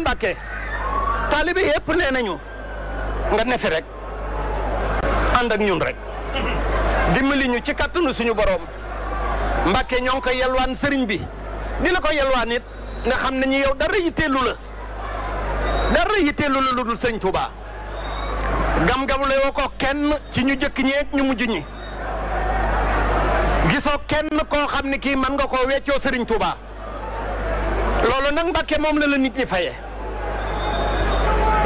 Mbàkke taalibe yëpp nee nañu nga nefi rek ànd ak ñun rek dimbali ñu ci kattanu suñu boroom Mbàkke ñoo ngi ko yelwaan sëriñ bi dina ko yelwaan it nga xam ne ñu yow dara yitteelu la dara yitteelu la lu dul sëñ Touba gam-gamle woo ko kenn ci ñu jëkk ñeeg ñu mujj ñi gisoo kenn koo xam ne kii mën nga koo weccoo sëriñ Touba loolu nag Mbàkke moom la la nit ñi faye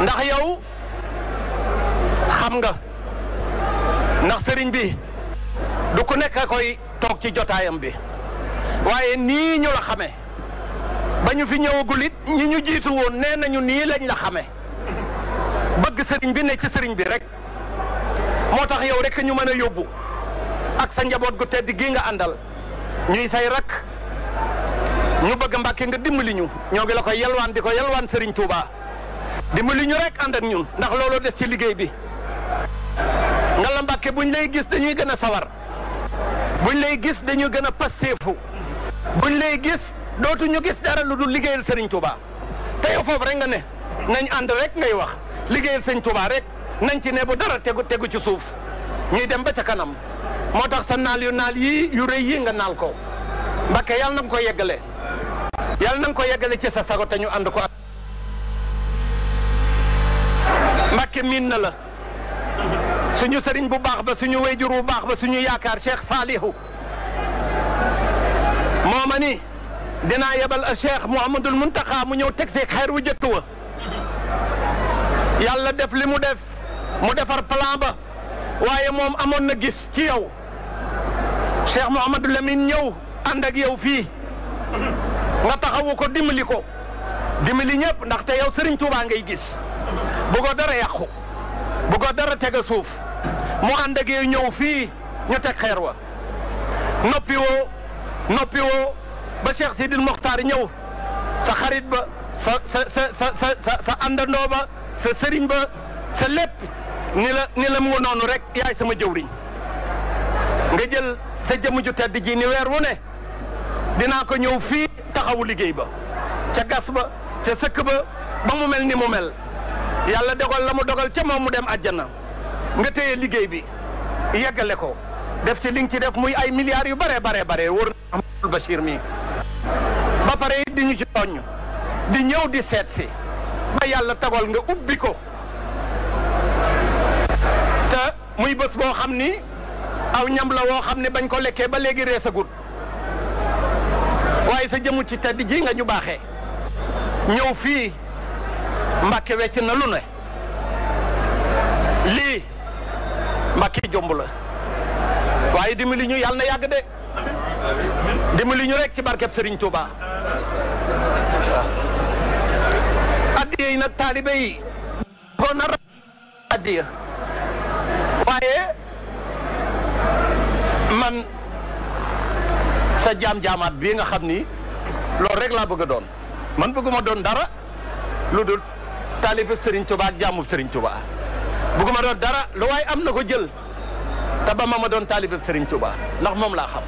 ndax yow xam nga ndax sëriñ bi du ku nekk a koy toog ci jotaayam bi waaye nii ñu la xame ba ñu fi ñëwagul it ñi ñu jiitu woon nee nañu nii lañ la xame bëgg sëriñ bi ne ci sëriñ bi rek moo tax yow rek ñu mën a yóbbu ak sa njaboot gu tedd gii nga àndal ñuy say rakk ñu bëgg Mbàkke nga dimbali ñu ñoo ngi la koy yalwaan di ko yalwaan sëriñ Touba. dimbali ñu rek ànd ak ñun ndax looloo des ci liggéey bi nga la mbàkke buñ lay gis dañuy gën a sawar buñ lay gis dañuy gën a pastéefu buñ lay gis dootuñu gis dara lu dul liggéeyal Serigne Touba te yow foofu rek nga ne nañ ànd rek ngay wax liggéeyal Serigne Touba rek nañ ci ne bu dara tegu tegu ci suuf ñuy dem ba ca kanam moo tax sa naal yu naal yii yu rëy yii nga naal ko Mbàkke yàlla na nga ko yeggale yàlla na nga ko yeggale ci sa sago te ñu ànd ko. Mbàkke miin na la suñu sëriñ bu baax ba suñu wéyjur bu baax ba suñu yaakaar Cheikh Saalihu moo ma ni dinaa yebal Cheikh Mouhamadul Muntaxa mu ñëw teg si xeer wu jëkk wa yàlla def li mu def mu defar plan ba waaye moom amoon na gis ci yow Cheikh Mouhamadou Lamine ñëw ànd ak yow fii nga taxawu ko dimbali ko dimbali ñëpp ndaxte yow Serigne Touba ngay gis. bu ko dara yàqu bu ko dara teg a suuf mu ànd ak yow ñëw fii ñu teg xeer wa noppi woo noppi woo ba Cheikh Sidil Mokhtar ñëw sa xarit ba sa sa sa sa sa sa àndandoo ba sa sëriñ ba sa lépp ni la ni la mu nga noonu rek yaay sama jëwriñ nga jël sa jëmm ju tedd ji ni weer wu ne dinaa ko ñëw fii taxawu liggéey ba ca gas ba ca sëkk ba ba mu mel ni mu mel yàlla dogal la mu dogal ca moom mu dem àjjana nga téye liggéey bi yeggale ko def ci li nga ci def muy ay milliards yu bare bare bare wóor na Amadou Bachir mii ba pare it di ñu ci tooñ di ñëw di seet si yàlla tagal nga ubbi ko te muy bés boo xam ni aw ñam la woo xam ne bañ ko lekkee ba léegi reesagut waaye sa jëmu ci tedd ji nga ñu baaxe ñëw fii Mbàkke wecc na lu ne lii Mbàkke jomb la waaye dimbali ñu yàlla na yàgg de dimbali ñu rek ci barkeb Serigne Touba addiya yi nag taalibe yi goon na addiya waaye man sa jaam-jaamaat bii nga xam ni loolu rek laa bëgg a doon man bëgguma doon dara lu dul taalibeb Serigne Touba ak jaamub Serigne Touba bëgguma doon dara lu waaye am na ko jël te ba ma ma doon taalibeb Serigne Touba ndax moom laa xam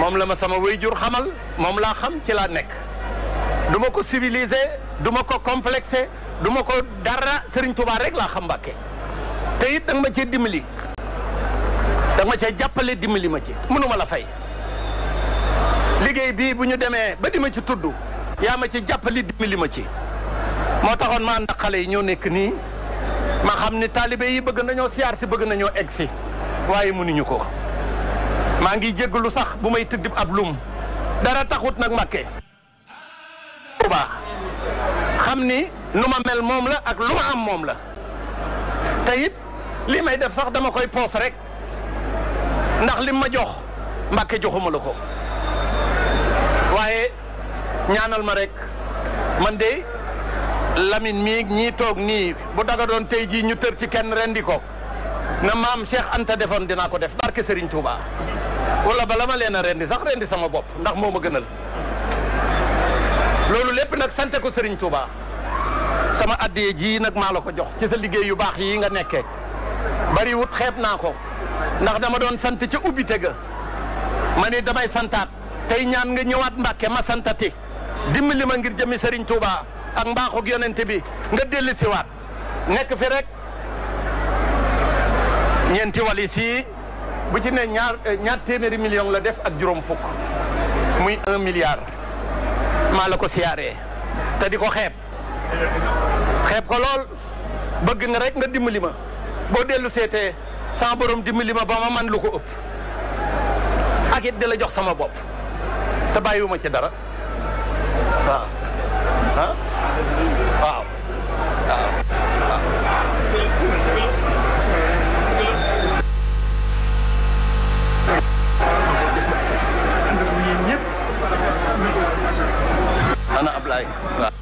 moom la ma sama wayjur xamal moom laa xam ci laa nekk du ko civilisé du ko complexé du ko dara Serigne Touba rek laa xam Mbàkke te it danga ma cee dimbali danga ma jàppale dimbali ma ci mënuma la fay liggéey bi bu ñu demee ba di ma ci tudd yaa ma ci jàppale dimbali ma ci moo taxoon ma ànd xale yi ñoo nekk nii ma xam ni taalibe yi bëgg nañoo siyaar si bëgg nañoo egg si waaye mënuñu ko maa ngi jéggalu sax bu may tëdd ab lum dara taxut nag Mbàkke Tuuba xam ni nu ma mel moom la ak lu ma am moom la te it li may def sax dama koy poos rek ndax lim ma jox Mbàkke joxuma la ko waaye ñaanal ma rek man de Lamine mii ñii toog nii bu daga doon tey jii ñu tër ci kenn rendi ko na maam Cheikh Anta defoon dinaa ko def barke Serigne Touba wala bala ma leen a rendi sax rendi sama bopp ndax moo ma gënal loolu lépp nag sante ko sëriñ Touba sama addiye jii nag maa la ko jox ci sa liggéey yu baax yi nga nekkee bariwut wut xeeb naa ko ndax dama doon sant ca ubbite ga ma ni damay santaat tey ñaan nga ñëwaat Mbàkke ma santati dimbali ma ngir jëmi sëriñ Touba. ak mbaaxug yonent bi nga dellu si waat nekk fi rek ñeenti walis yi bu ci ne ñaar eh, ñaar téeméeri million la def ak juróom fukk muy un milliard maa la ko siyaaree te di ko xeeb xeeb ko lool bëgg na rek nga dimbali ma boo dellu seetee sama borom dimbali ma ba ma man ko ëpp ak it jox sama bopp te bàyyiwuma ci dara waaw wallaay waaw.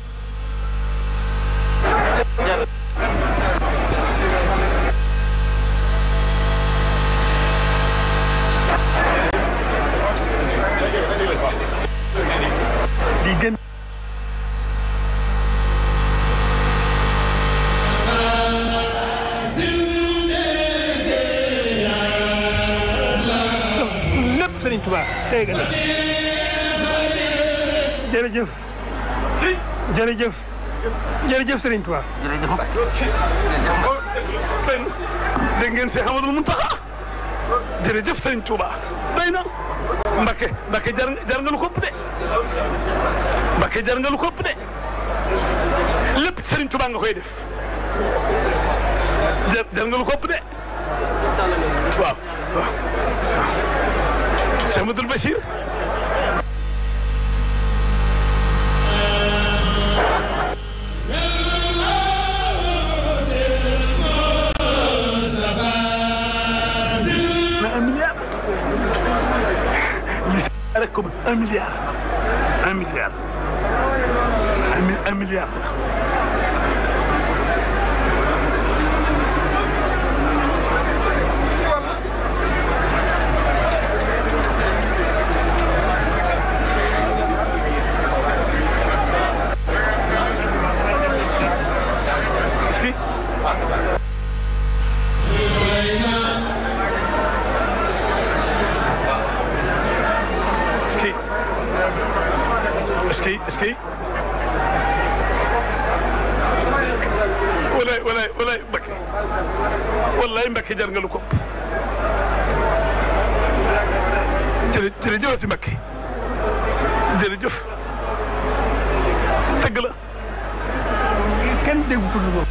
Sëriñ Tuubaa jërëjëf jërëjëf. jërëjëf Serigne Touba. jërëjëf Mbacke. dégg ngeen Cheikh Amadou Mountakha. jërëjëf Serigne Touba. day na Mbacke Mbacke jar jar nga lu kopp de. Mbacke jar nga lu kopp de. lépp Serigne Touba nga koy def. jar jar nga lu kopp de. waaw waaw. Cheikh Amadou Bachir. laaj ko un milliard un milliard un milliard walaay walaay Mbakke walaay Mbakke jar nga lu ko. jërë jërëjëf Mbakke jërëjëf dëgg la. kenn déggu ko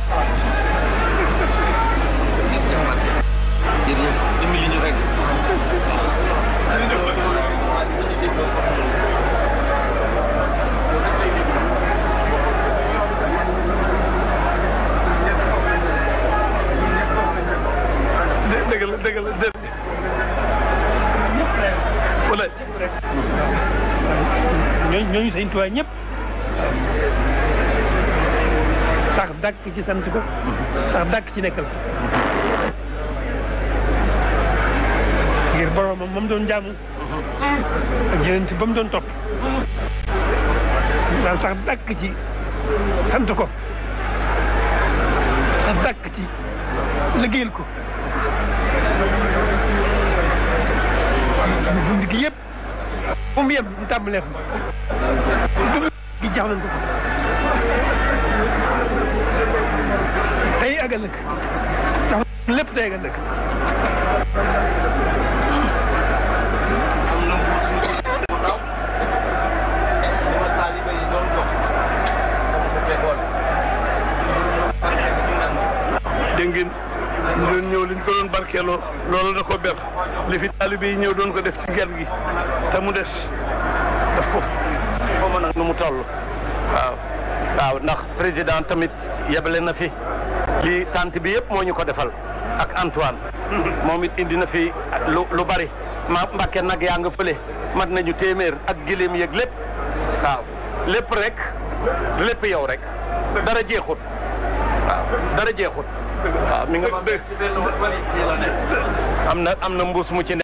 ñooñu ñooñu sëñ Tuubaa ñëpp sax dàkk ci sant ko sax dàkk ci nekkal ko ngir boromam ba mu doon jaamu ak yeneen ba mu doon topp daal sax dàkk ci sant ko sax dàkk ci liggéeyal ko bundi gi yëpp fu mu yem ñu tàmbalee fa gi jeex nañ ko tey ak ëllëg ndax lépp tey ak ëllëg dégg ngeen ñu doon ñëw liñ ko doon barkeeloo loolu da ko ber li fi taalibe yi ñëw doon ko def ci gerte gi te mu des daf ko nu mu toll waaw waaw ndax président tamit yebale na fi li tant bi yëpp moo ñu ko defal ak Antoine moom it indi na fi lu lu bari ma Mbàkke nag yaa nga fële mat nañu téeméer ak giléem yéeg lépp waaw lépp rek lépp yow rek dara jeexut waaw dara jeexut waaw mi nga am na am na mbuus mu ci ne